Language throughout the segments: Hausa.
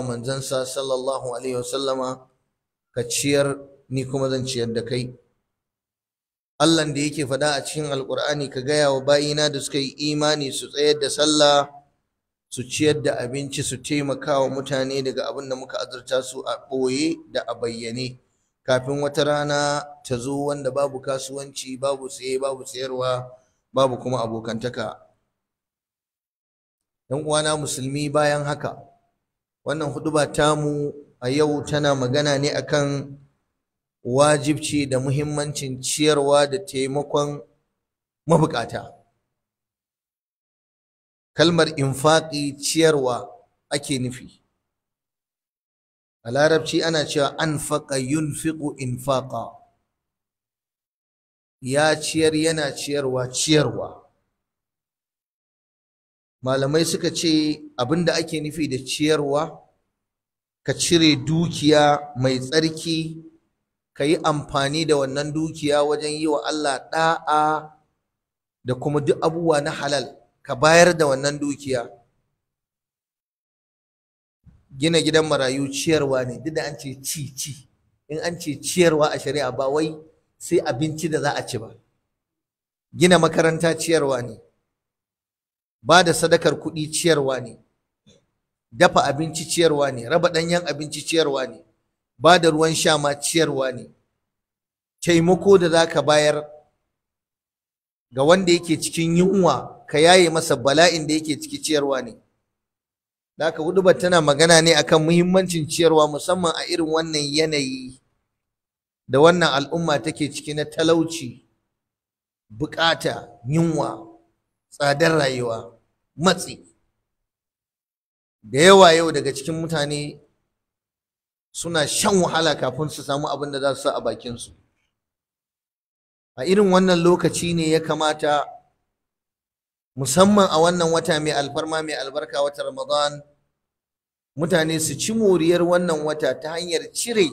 manzansa sallallahu alaihi wasallama ka ciyar ni kuma zan ciyar da kai Allah da yake faɗa a cikin alkur'ani ka gaya wa bayina da suka yi imani su tsayar da sallah su ciyar da abinci su taimaka wa mutane daga abin da muka azurta su a ɓoye da a bayyane kafin wata rana ta zo wanda babu kasuwanci babu saye babu sayarwa babu kuma abokantaka 'yan uwana musulmi bayan haka wannan huduba tamu a yau tana magana ne akan wajibci da muhimmancin ciyarwa da taimakon mabukata kalmar infaƙi ciyarwa ake nufi a larabci ana cewa an faƙa yun fiƙo infaƙa ya ciyar yana ciyarwa ciyarwa malamai suka ce abinda ake nufi da ciyarwa ka cire dukiya mai tsarki ka yi amfani da wannan dukiya wajen yi wa Allah ɗa'a da kuma duk abubuwa na halal ka bayar da wannan dukiya gina gidan marayu ciyarwa ne duk da an ce ci ci in an ce ciyarwa a shari'a ba wai sai abinci da za a ci ba gina makaranta ciyarwa ne ba da sadakar kuɗi ciyarwa ne dafa abinci ciyarwa ne raba ɗanyen abinci ciyarwa ne ba da ruwan sha ma ciyarwa ne taimako da za ka bayar ga wanda yake cikin yunwa ka yaye masa bala'in da yake ciki ciyarwa ne da haka ba tana magana ne akan muhimmancin ciyarwa musamman a irin wannan yanayi da wannan al'umma take ciki na talauci bukata yunwa tsadar rayuwa matsi da yawa yau daga cikin mutane suna shan wahala kafin su samu abin da za su sa a bakinsu a irin wannan lokaci ne ya kamata musamman a wannan wata mai alfarma mai albarka wata ramadan mutane su ci moriyar wannan wata ta hanyar cire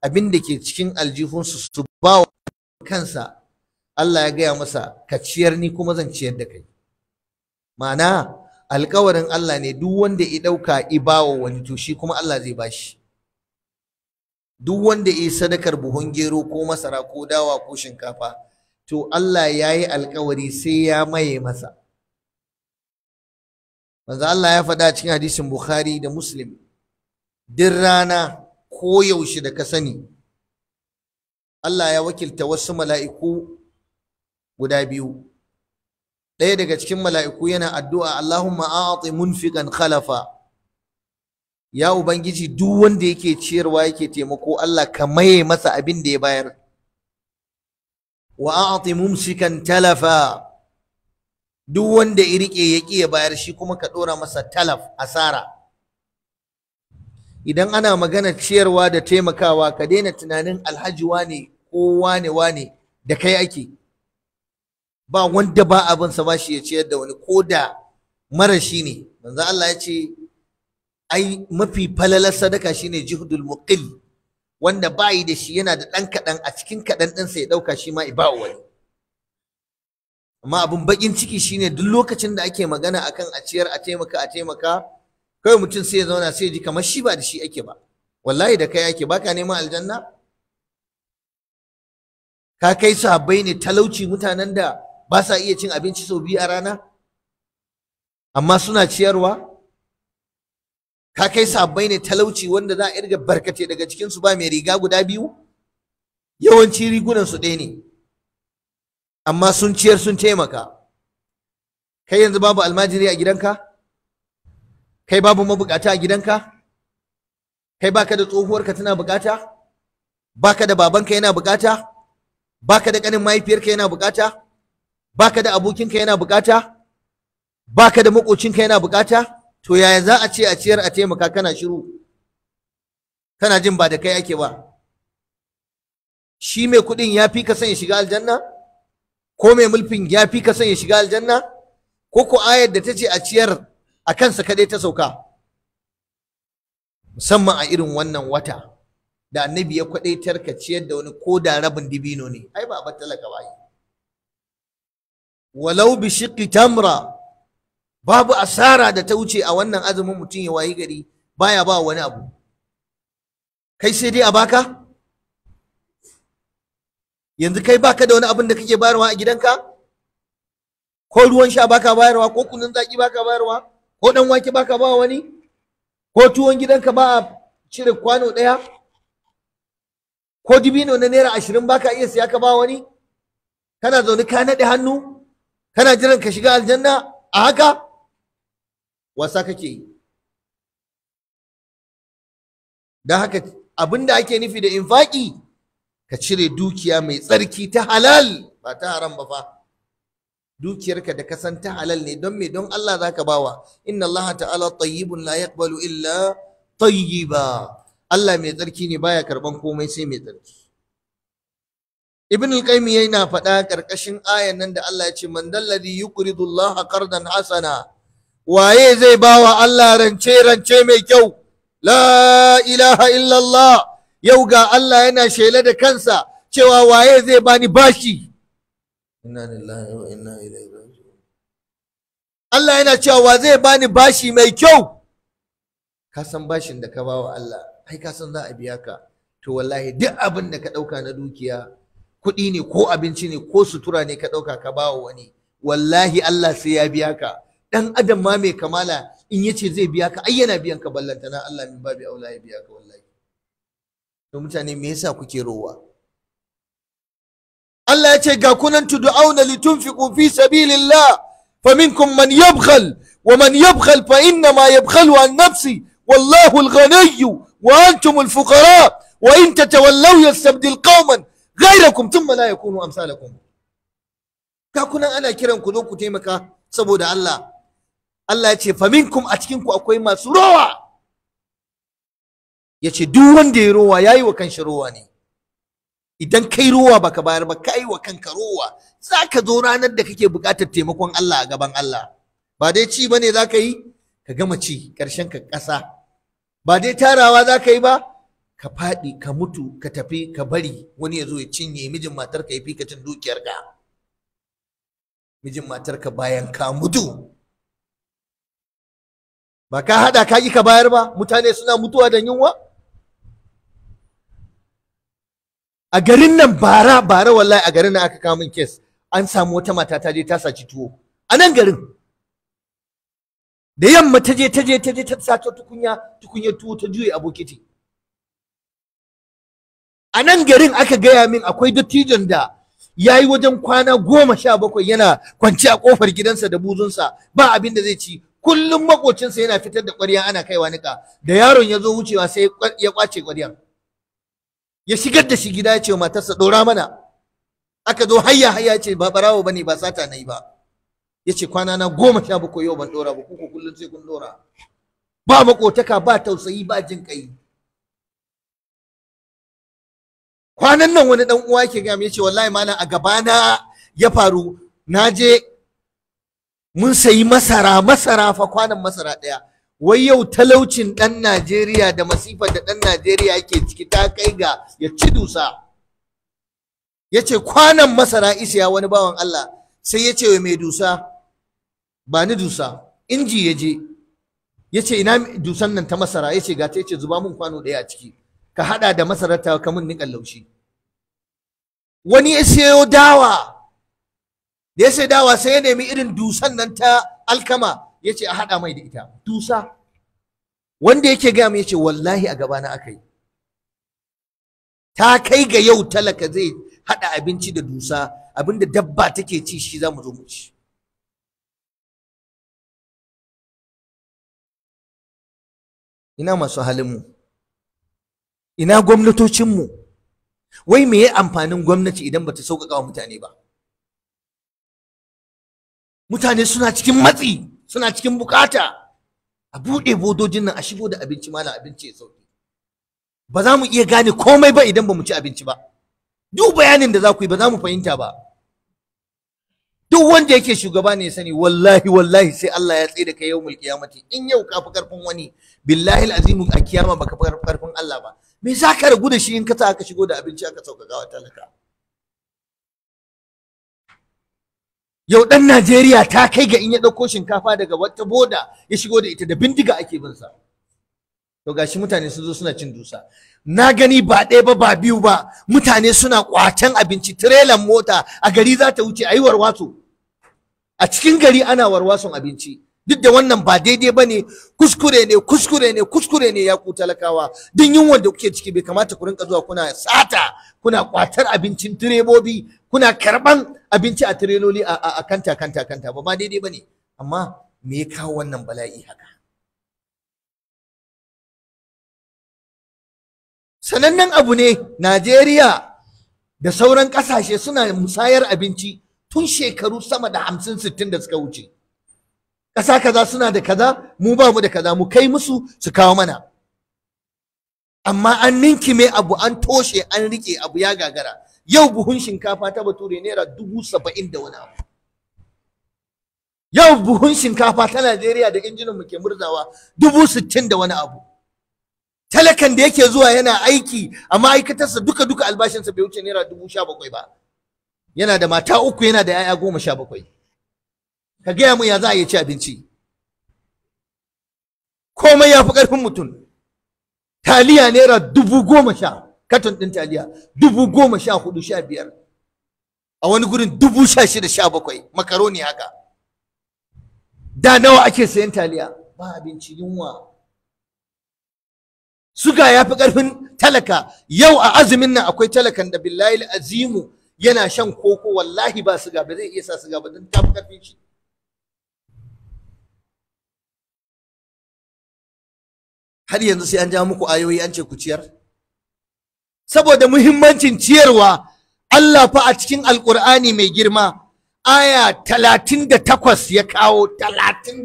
abin da ke cikin aljihunsu su ba wa kansa Allah ya gaya masa ka ciyar ni kuma zan ciyar da kai ma'ana alkawarin Allah ne duk wanda ya ɗauka ibawa wani to shi kuma Allah zai bashi duk wanda ya sadakar buhun gero ko masara ko dawa ko shinkafa to Allah ya yi alkawari sai ya maye masa manzo Allah ya faɗa cikin hadisin Bukhari da Muslim Din rana ko yaushe da ka sani Allah ya wakilta wasu mala'iku guda biyu ɗaya daga cikin mala'iku yana addu'a Allahumma a'ati munfiqan khalafa ya ubangiji duk wanda yake ciyarwa yake taimako Allah ka maye masa abin da ya bayar wa a'ati mumsikan talafa duk wanda ya rike ya ƙi ya bayar shi kuma ka ɗora masa talaf asara idan ana magana ciyarwa da taimakawa ka daina tunanin alhaji wane ko wane wane da kai ake ba wanda ba abin sa shi ya ciyar da wani ko da marashi ne manzo Allah ya ce ai mafi falalar sadaka shine juhdul muqil wanda yi da shi yana da ɗan kaɗan a cikin kaɗan ɗinsa ya ɗauka shi ma ba wani amma abin bakin ciki shine duk lokacin da ake magana akan a ciyar a taimaka a taimaka kai mutum sai ya zauna sai ji kamar shi ba da shi ake ba wallahi da kai ake baka neman aljanna ka kai sahabbai ne talauci mutanen da ba sa iya cin abinci sau biyu a rana amma suna ciyarwa ka kai sabbai ne talauci wanda za a irga barkate daga cikinsu ba mai riga guda biyu yawanci rigunansu ɗaya ne amma sun ciyar sun taimaka kai yanzu babu almajiri a gidanka kai babu mabukata a gidanka kai baka da tsohuwarka tana bukata baka da babanka yana bukata baka da ƙanin mahaifiyarka yana bukata baka da abokinka yana bukata baka da makocinka yana bukata to yaya za a ce a ciyar a taimaka kana shiru kana jin ba da kai ake ba shi mai kuɗin ya fi ka son ya shiga aljanna ko mai mulfin ya fi ka son ya shiga aljanna ko ko ayar da ta ce a ciyar a kansa kaɗai ta sauka musamman a irin wannan wata da annabi ya kwadaitar ka ciyar da wani ko da rabin dibino ne ai ba a talaka ba walau bi shiqqi tamra babu asara da ta wuce a wannan azumin mutum ya wayi gari baya ba wani abu kai sai dai a baka yanzu kai baka da wani abin da kake bayarwa a gidanka ko ruwan sha baka bayarwa ko kunun zaki baka bayarwa ko dan wake baka ba wani ko tuwon gidanka ba a cire kwano ɗaya ko dibino na naira ashirin baka iya siya ka ba wani kana zaune ka naɗe hannu kana jiran ka shiga aljanna a haka wasa kake yi don haka abin da ake nufi da infaki ka cire dukiya mai tsarki ta halal ba ta haram ba fa dukiyarka da kasan ta halal ne don me don Allah za ka bawa inna Allah ta'ala tayyibun la yaqbalu illa tayyiba Allah mai tsarki ne baya karban komai sai mai tsarki ibn al-qayyim yana faɗa ƙarƙashin ayan nan da Allah ya ce man dalladhi yuqridu Allah qardan hasana waye zai bawa Allah rance rance mai kyau la ilaha illallah yau ga Allah yana shela da kansa cewa waye zai bani bashi inna lillahi wa inna ilaihi raji'un Allah yana cewa wa zai bani bashi mai kyau ka san bashin da ka bawa Allah ai ka san za a biya ka to wallahi duk abin da ka ɗauka na dukiya kuɗi ne ko abinci ne ko sutura ne ka ɗauka ka ba wa wani wallahi Allah sai ya biya ka ɗan adam ma mai kamala in yace zai biya ka ai yana biyan ka ballantana Allah min babi aula ya biya ka wallahi to mutane me yasa kuke rowa Allah ya ce ga kunan tud'auna litunfiqu fi sabilillah faminkum man yabkhal wa man yabkhal fa inna ma yabkhalu an nafsi wallahu al-ghaniy wa antum al-fuqara wa in tatawallaw yastabdil qauman ghairakum thumma la yakunu amsalakum ka kunan ana kiran ku zo ku taimaka saboda Allah Allah ya ce faminkum a cikin ku akwai masu rowa ya ce duk wanda ya rowa yayi wa kanshi rowa ne idan kai rowa baka bayar ba kai wa kanka rowa zaka zo ranar da kake buƙatar taimakon Allah a gaban Allah ba dai ci bane zaka yi ka gama ci karshen ka ƙasa ba dai tarawa zaka yi ba ka faɗi ka mutu ka tafi ka bari wani ya zo ya cinye mijin matar ka ya fi ka cin dukiyar ka mijin matar ka bayan ka mutu ba ka haɗa ka yi ka bayar ba mutane suna mutuwa da yunwa a garin nan bara bara wallahi a garin nan aka kawo min kes an samu wata mata ta je ta saci tuwo a nan garin da yamma ta je ta je ta je ta sato tukunya tukunyar tuwo ta juye a bokiti a nan garin aka gaya min akwai dattijon da ya yi wajen kwana goma sha bakwai yana kwance a kofar gidansa da buzunsa ba abin da zai ci kullum makocinsa yana fitar da ƙwarya ana kaiwa nika da yaron ya zo wucewa sai ya kwace ƙwaryan ya shigar da shi gida ya ce matarsa ɗora mana aka zo hayya hayya ce ba barawo bane ba sata nayi ba ya ce kwana na goma sha bakwai yau ban ɗora ba kuku kullum sai kun ɗora ba makotaka ba tausayi ba jin kai kwanan nan wani dan uwa yake gami ya ce wallahi malam a gabana ya faru na je mun sayi masara masara fa kwanan masara ɗaya wai yau talaucin ɗan Najeriya da masifar da ɗan Najeriya yake ciki ta kai ga ya ci dusa ya ce kwanan masara isiya wani bawan Allah sai ya ce wa mai dusa ba ni dusa inji ya je ya ce ina dusan nan ta masara ya ce ga ta ya zuba mun kwano ɗaya a ciki ka haɗa da masarar ta ka mun niƙan laushi wani ya sayo dawa da ya sayo dawa sai ya nemi irin dusan nan ta alkama ya ce a haɗa mai da ita dusa wanda yake gaya mu ya ce wallahi a gabana aka yi ta kai ga yau talaka zai haɗa abinci da dusa abinda dabba take ci shi za mu zo mu ci ina masu halin mu ina gwamnatocinmu wai me ya amfanin gwamnati idan ta sauƙaƙa wa mutane ba mutane suna cikin matsi suna cikin bukata a buɗe bodojin nan a shigo da abinci malam abinci ya sauki ba za mu iya gane komai ba idan ba mu ci abinci ba duk bayanin da za ku yi ba za mu fahimta ba duk wanda yake shugaba ne sani wallahi wallahi sai Allah ya tsaye da kai yau mulki in yau ka fi karfin wani billahi azimu a kiyama baka fi karfin Allah ba me za ka ragu da shi in kasa aka shigo da abinci aka sauƙaƙa wa talaka yau ɗan Najeriya ta kai ga in ya ɗauko shinkafa daga wata boda ya shigo da ita da bindiga ake bin sa to gashi mutane sun zo suna cin dusa na gani ba ɗaya ba ba biyu ba mutane suna kwacen abinci tirelan mota a gari za ta wuce a yi warwaso a cikin gari ana warwason abinci duk da wannan ba daidai ba ne kuskure ne kuskure ne kuskure ne ya ku talakawa duk yunwan da kuke ciki bai kamata ku rinka zuwa kuna sata kuna kwatar abincin tirebobi, kuna karban abinci a tireloli a kanta kanta kanta ba ba daidai ba ne amma me ya kawo wannan bala'i haka sanannen abu ne najeriya da sauran ƙasashe suna musayar abinci tun shekaru sama da hamsin sittin da suka wuce ƙasa kaza suna da kaza mu ba mu da kaza mu kai musu su kawo mana amma an ninki mai abu an toshe an rike abu ya gagara yau buhun shinkafa ta bature naira dubu saba'in da wani abu yau buhun shinkafa ta najeriya da injinin mu ke murzawa dubu sittin da wani abu talakan da yake zuwa yana aiki a ma'aikatarsa duka duka albashinsa bai wuce naira dubu sha bakwai ba yana da mata uku yana da 'ya'ya goma sha bakwai ka gaya mu ya za a iya ci abinci komai ya fi ƙarfin mutum taliya naira dubu goma sha katon ɗin taliya dubu goma sha hudu sha biyar a wani gurin dubu sha shida sha bakwai makaroni haka da nawa ake sayan taliya ba abinci yunwa suga ya fi ƙarfin talaka yau a azumin nan akwai talakan da billahi azimu yana shan koko wallahi ba suga ba zai iya sa suga ba don ta fi ƙarfin shi har yanzu sai an ja muku ayoyi an ce ku ciyar saboda muhimmancin ciyarwa Allah fa a cikin alkur'ani mai girma aya talatin takwas ya kawo talatin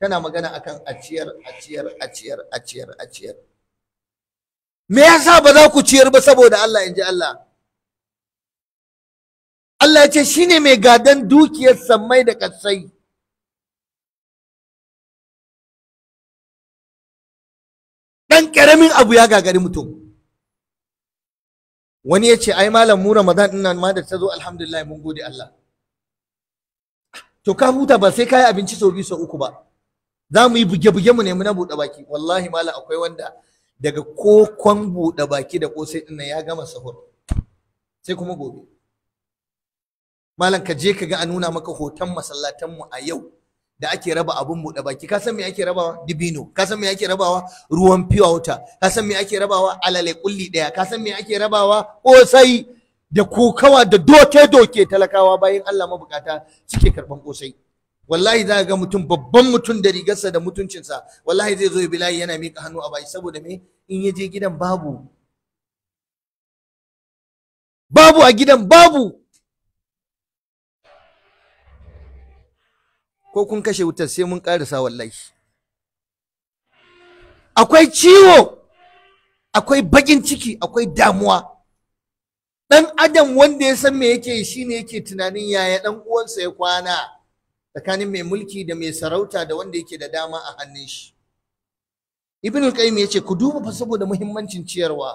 tana magana akan a ciyar a ciyar a ciyar a ciyar a ciyar me yasa ba za ku ciyar ba saboda Allah Inji Allah Allah ya ce shine mai gadan dukiyar sammai da katsai ɗan ƙaramin abu ya gagari mutum wani ya ce ai malam mu ramadan din nan ma da ta zo alhamdulillah mun gode Allah to ka huta ba sai ka yi abinci sau biyu sau uku ba za mu yi buge-buge mu nemi na buɗe baki wallahi malam akwai wanda daga kokon buɗe baki da kosai ɗin ya gama sahur sai kuma gobe malam ka je ka ga a nuna maka hoton masallatanmu a yau da ake raba abun buɗe baki ka san me ake rabawa dibino ka san me ake rabawa ruwan pure water ka san me ake rabawa alale kulli daya ka san me ake rabawa kosai da kokawa da doke doke talakawa bayan Allah mabukata suke karban kosai wallahi za ga mutum babban mutum da rigarsa da mutuncinsa wallahi zai zo ya bilayi yana mika hannu a baki saboda me in yaje gidan babu babu a gidan babu ko kun kashe wutar sai mun ƙarisa wallahi akwai ciwo akwai baƙin ciki akwai damuwa ɗan adam wanda ya san me yake shi ne yake tunanin yaya ɗan uwansa ya kwana tsakanin mai mulki da mai sarauta da wanda yake da dama a hannun shi ibn al-qayyim yace ku duba fa saboda muhimmancin ciyarwa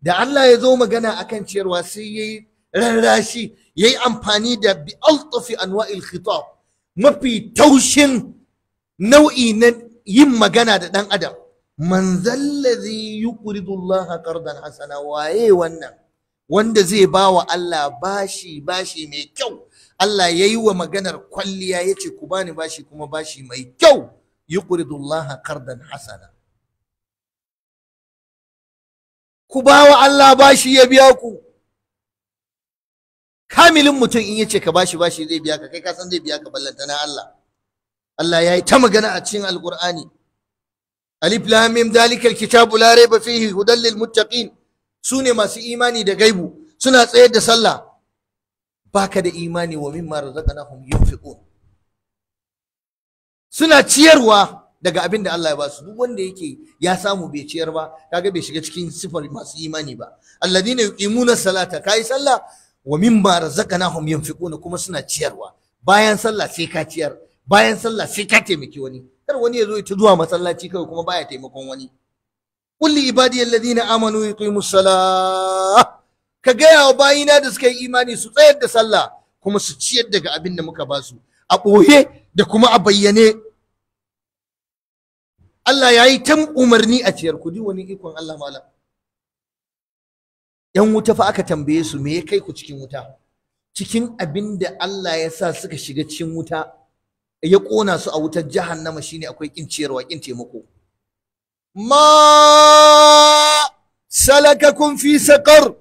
da Allah ya zo magana akan ciyarwa sai yayi rarrashi yayi amfani da bi altafi anwa'il khitab mafi taushin nau'i na yin magana da ɗan adam man zallazi Laha qardan hasana waye wannan wanda zai ba wa Allah bashi bashi mai kyau Allah ya yi wa maganar kwalliya ya ce ku bani bashi kuma bashi mai kyau Laha qardan hasana ku ba wa Allah bashi ya biya ku kamilin mutum in yace ka bashi bashi zai biya ka kai ka san zai biya ka ballanta na Allah Allah yayi ta magana a cikin alqur'ani alif lam mim dalikal kitabu la rayba fihi hudal lil muttaqin sune masu imani da gaibu suna tsayar da sallah baka da imani wa mimma razaqnahum yunfiqun suna ciyarwa daga abin da Allah ya basu duk wanda yake ya samu bai ciyar ba kaga bai shiga cikin sifar masu imani ba alladina yuqimuna salata kai sallah wa mimma razaqnahum yunfiquna kuma suna ciyarwa bayan sallah sai ka ciyar bayan sallah sai ka taimaki wani kar wani ya zo ya zuwa masallaci kawai kuma baya taimakon wani qul li ibadiyal ladina amanu yuqimus salah ka gaya wa bayina da suka yi imani su tsayar da sallah kuma su ciyar daga abin da muka basu a boye da kuma a bayyane Allah ya yi ta umarni a ciyar ku wani ikon Allah malam 'yan wuta fa aka tambaye su me ya kai ku cikin wuta cikin abin da Allah ya sa suka shiga cikin wuta ya ƙona su a wutar jahannama shine akwai kin ciyarwa kin taimako ma kun fi saqar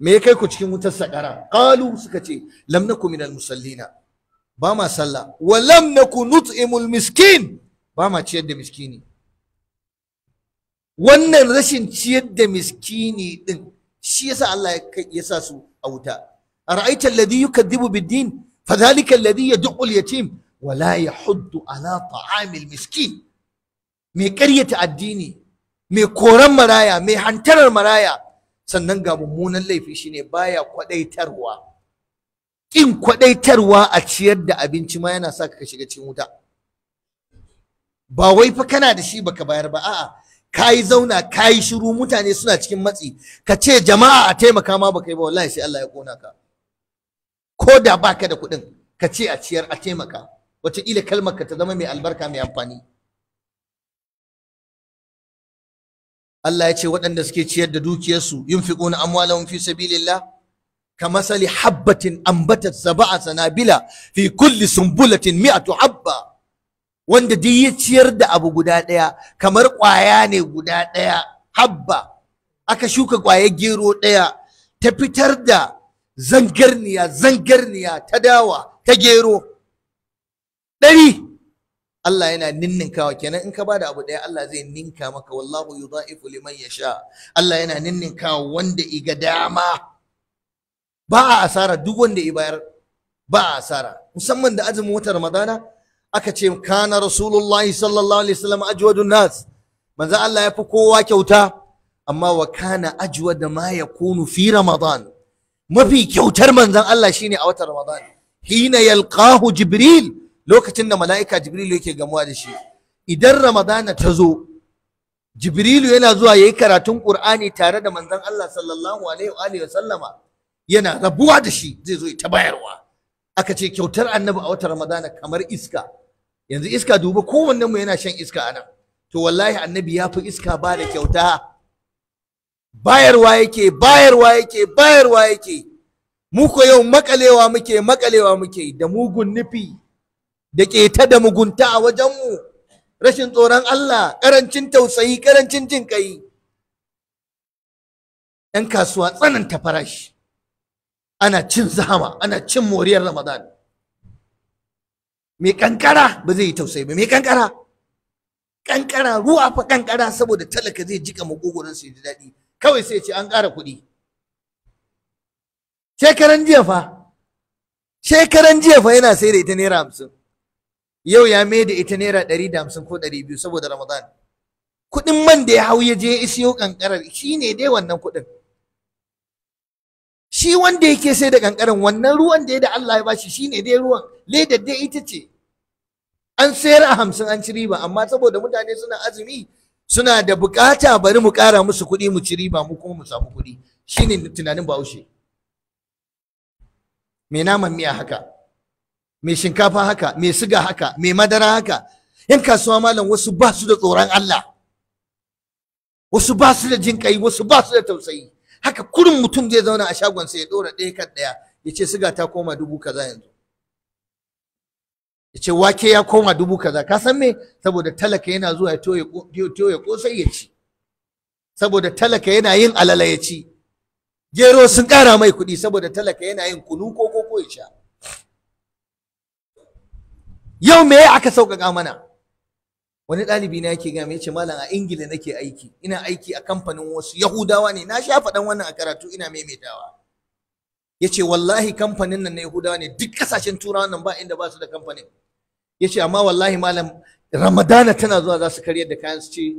me ya kai ku cikin wutar sakara? Ƙalu suka ce lam nakum minal musallina ba ma sallah wa lam nakum nut'imul miskin ba ma ciyar da miskini wannan rashin ciyar da miskini din shi yasa Allah ya sa su a wuta ara'aita alladhi yukadhibu bid-din fadhalika alladhi yad'u al-yatim wa la yahuddu ala ta'amil miskin mai ƙaryata addini mai koran maraya mai hantarar maraya sannan ga mummunan laifi shine baya kwadaitarwa In kwadaitarwa a ciyar da abinci ma yana sa ka shiga cikin wuta ba wai fa kana da shi baka bayar ba a'a kayi zauna kayi shiru mutane suna cikin matsi ka ce jama'a a taimaka ma baka yi ba wallahi sai Allah ya kona ka ko da baka da kuɗin ka ce a ciyar a taimaka wataƙila kalmar ka ta zama mai albarka mai amfani Allah ya ce waɗanda suke ciyar da dukiyarsu yunfiquna amwalahum fi sabilillah masali habbatin ambatat sab'a sanabila fi kulli sumbulatin mi'atu habba wanda duk ya ciyar da abu guda ɗaya kamar ƙwaya ne guda ɗaya habba aka shuka kwaya gero ɗaya ta fitar da zangarniya zangarniya ta dawa ta gero ɗari Allah yana ninninkawa kenan in ka ba da abu ɗaya Allah zai ninka maka wallahu yudha'ifu liman yasha Allah yana ninninkawa wanda iga dama ba a asara duk wanda i bayar ba a asara musamman da azumin watan Ramadana aka ce kana rasulullahi sallallahu alaihi wasallam ajwadun nas manzo Allah ya fi kowa kyauta amma wa kana da ma yakunu fi ramadan mafi kyautar manzon Allah shine a watan ramadan hina yalqahu jibril lokacin da mala'ika jibril yake gamuwa da shi idan ramadana ta zo jibrilu yana zuwa yayi karatun qur'ani tare da manzon Allah sallallahu alaihi wa sallama yana rabuwa da shi zai zo ta bayarwa aka ce kyautar annabi a watan ramadana kamar iska yanzu iska duba kowannen mu yana shan iska nan. to wallahi annabi ya fi iska ba da kyauta bayarwa yake bayarwa yake bayarwa yake mu ko yau makalewa muke makalewa muke da mugun nufi da keta da mugunta a wajenmu rashin tsoron Allah karancin tausayi karancin jin kai ɗan kasuwa tsananta farashi ana cin zahama ana cin moriyar ramadan mai kankara ba zai yi tausayi ba mai kankara kankara ruwa fa kankara saboda talaka zai jika makogoron su ji daɗi kawai sai ce an ƙara kuɗi shekaran jiya fa shekaran jiya fa yana sai da ita naira hamsin yau ya mai da ita naira ɗari da hamsin ko ɗari biyu saboda ramadan kuɗin man da ya hau ya je ya isiyo kankarar ne dai wannan kuɗin shi wanda yake sai da kankarin wannan ruwan da ya da Allah ya ba bashi shine dai ruwan ledar dai ita ce an sayar a hamsin an ci riba amma saboda mutane suna azumi suna da bukata bari mu kara musu kuɗi mu ci riba mu kuma mu samu kuɗi shine tunanin bahaushe Me naman miya haka Me shinkafa haka Me siga haka Me madara haka yan kasuwa malam wasu ba su da tsoron Allah wasu ba su da jin wasu ba su da tausayi haka kurin mutum zai zauna a shagon sai ya dora ɗaya kan ɗaya ya ce siga ta koma dubu kaza yanzu ya ce wake ya koma dubu kaza ka san me saboda talaka yana zuwa ya toye kosai ya ci saboda talaka yana yin alala ya ci gero sun ƙara mai kuɗi saboda talaka yana yin kunu ko ko ko ya sha yau me aka sauƙaƙa mana wani ɗalibi na yake gami ce malam a ingila nake aiki ina aiki a kamfanin wasu yahudawa ne na sha faɗan wannan a karatu ina maimaitawa ya ce wallahi kamfanin nan na yahudawa ne duk ƙasashen turawa nan ba inda ba su da kamfanin ya ce amma wallahi malam ramadana tana zuwa za su karyar da kayan su ce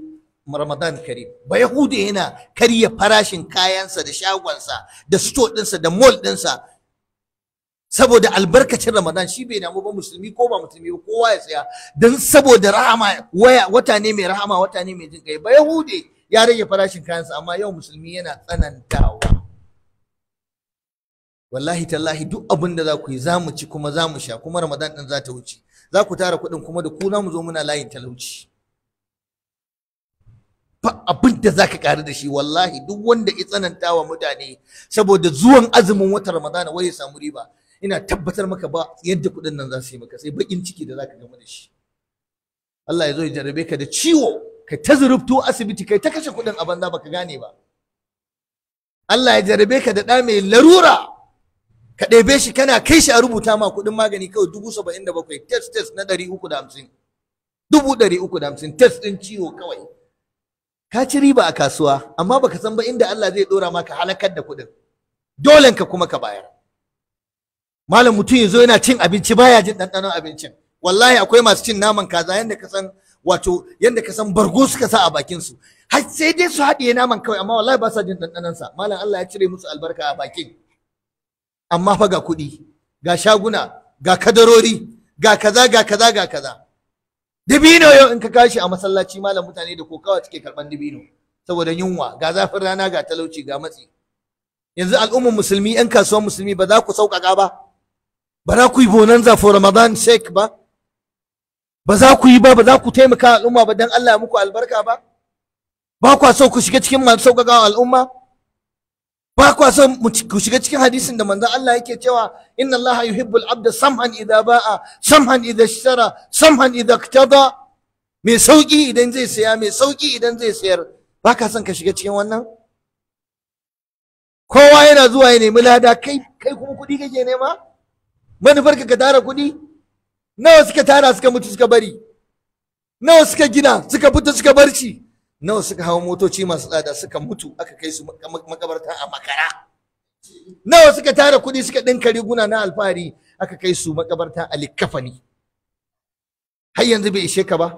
ramadan kari. ba Yahudu yana karya farashin kayansa da shagonsa da sto ɗinsa da mall ɗinsa saboda albarkacin Ramadan shi bai damu ba musulmi ko ba musulmi ba kowa ya tsaya don saboda rahama waya wata ne mai rahama wata ne mai jin kai ba yahude ya rage farashin kayansa amma yau musulmi yana tsanantawa wallahi tallahi duk abin da za ku yi za mu ci kuma za mu sha kuma Ramadan din za ta wuce za ku tara kuɗin kuma da ku za mu zo muna layin talauci Fa abin da za ka ƙari da shi wallahi duk wanda ya tsananta wa mutane saboda zuwan azumin watan ramadana wai ya samu riba ina tabbatar maka ba yadda kuɗin nan za su yi maka sai bakin ciki da za ka gama da shi Allah ya zo ya jarabe ka da ciwo ka ta zurubto asibiti kai ta kashe kuɗin a banza baka gane ba Allah ya jarabe ka da ɗa mai larura ka ɗebe shi kana kai shi a rubuta ma kuɗin magani kawai dubu saba'in da bakwai test test na ɗari uku da hamsin dubu ɗari uku da hamsin test ɗin ciwo kawai ka ci riba a kasuwa amma baka san ba inda Allah zai ɗora maka halakar da kuɗin dolen ka kuma ka bayar malam mutum ya zo yana cin abinci baya jin ɗanɗanon abincin wallahi akwai masu cin naman kaza yadda ka san wato yadda ka san bargo suka sa a bakin su har sai dai su haɗiye naman kawai amma wallahi ba sa jin ɗanɗanon sa malam Allah ya cire musu albarka a bakin amma fa ga kuɗi ga shaguna ga kadarori ga kaza ga kaza ga kaza dibino yau in ka kashi a masallaci malam mutane da kokawa suke karban dibino saboda yunwa ga zafin rana ga talauci ga matsi yanzu al'ummar musulmi 'yan kasuwar musulmi ba za ku sauƙaƙa ba ba za ku yi bonanza for Ramadan sake ba ba za ku yi ba ba za ku taimaka al'umma ba dan Allah ya muku albarka ba ba kwa so ku shiga cikin masu sauƙaƙa al'umma ba kwa so ku shiga cikin hadisin da manzan Allah yake cewa inna Allah yuhibbul abda samhan idan ba'a samhan idan shara, samhan idan iktada mai sauki idan zai saya mai sauki idan zai sayar ba ka son ka shiga cikin wannan kowa yana zuwa ya nemi lada kai kai kuma kuɗi kake nema Manufar ka tara kuɗi nawa suka tara suka mutu suka bari nawa suka gina suka fita suka barci nawa suka hawa motoci masu tsada suka mutu aka kai su makabarta a makara nawa suka tara kuɗi suka ɗinka riguna na alfahari aka kai su makabarta a likkafani har yanzu bai ishe ka ba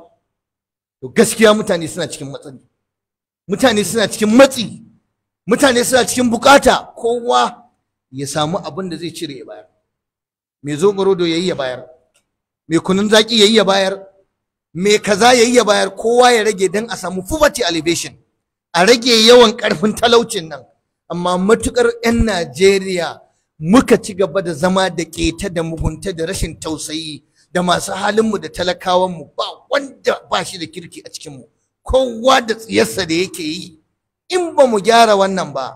to gaskiya mutane suna cikin matsani mutane suna cikin matsi mutane suna cikin bukata kowa ya samu abin da zai cire ya bayar mai zo da yayi ya bayar mai kunun zaki yayi ya bayar mai kaza yayi ya bayar kowa ya rage dan a samu poverty alleviation a rage yawan karfin talaucin nan amma matukar 'yan Najeriya muka ci gaba da zama da keta da mugunta da rashin tausayi da masu halin mu da talakawan mu ba wanda ba shi da kirki a cikin mu. kowa da tsiyarsa da yake yi in ba mu gyara wannan ba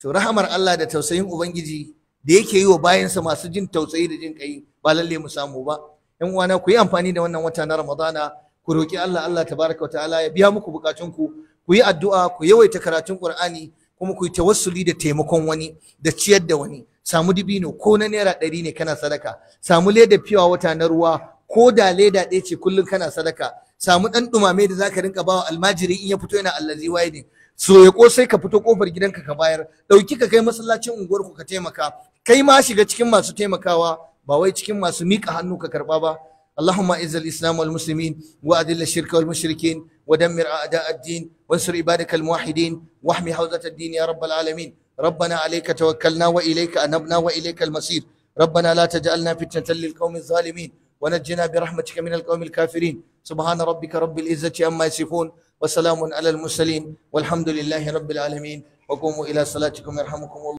to rahamar Allah da tausayin Ubangiji da yake yi wa bayansa masu jin tausayi da jin kai ba lalle mu samu ba yan uwana ku yi amfani da wannan wata na ramadana ku roki Allah Allah tabaraka wa ta'ala ya biya muku bukatun ku ku yi addu'a ku yawaita karatun qur'ani kuma ku yi tawassuli da taimakon wani da ciyar da wani samu dibino ko na naira ɗari ne kana sadaka samu leda fiwa wata na ruwa ko da leda ɗaya ce kullum kana sadaka samu ɗan ɗumame da zaka rinka bawa almajiri in ya fito yana allazi waye ne so ya sai ka fito kofar gidanka ka bayar ɗauki ka kai masallacin unguwarku ka taimaka kai ma shiga cikin masu taimakawa ba wai cikin masu miƙa hannu ka karɓa ba اللهم اعز الاسلام والمسلمين واذل الشرك والمشركين ودمر اعداء الدين وانصر عبادك الموحدين واحمي حوزه الدين يا رب العالمين ربنا عليك توكلنا واليك انبنا واليك المصير ربنا لا تجعلنا فتنه للقوم الظالمين ونجنا برحمتك من القوم الكافرين سبحان ربك رب العزه عما يصفون وسلام على المرسلين والحمد لله رب العالمين وقوموا الى صلاتكم يرحمكم الله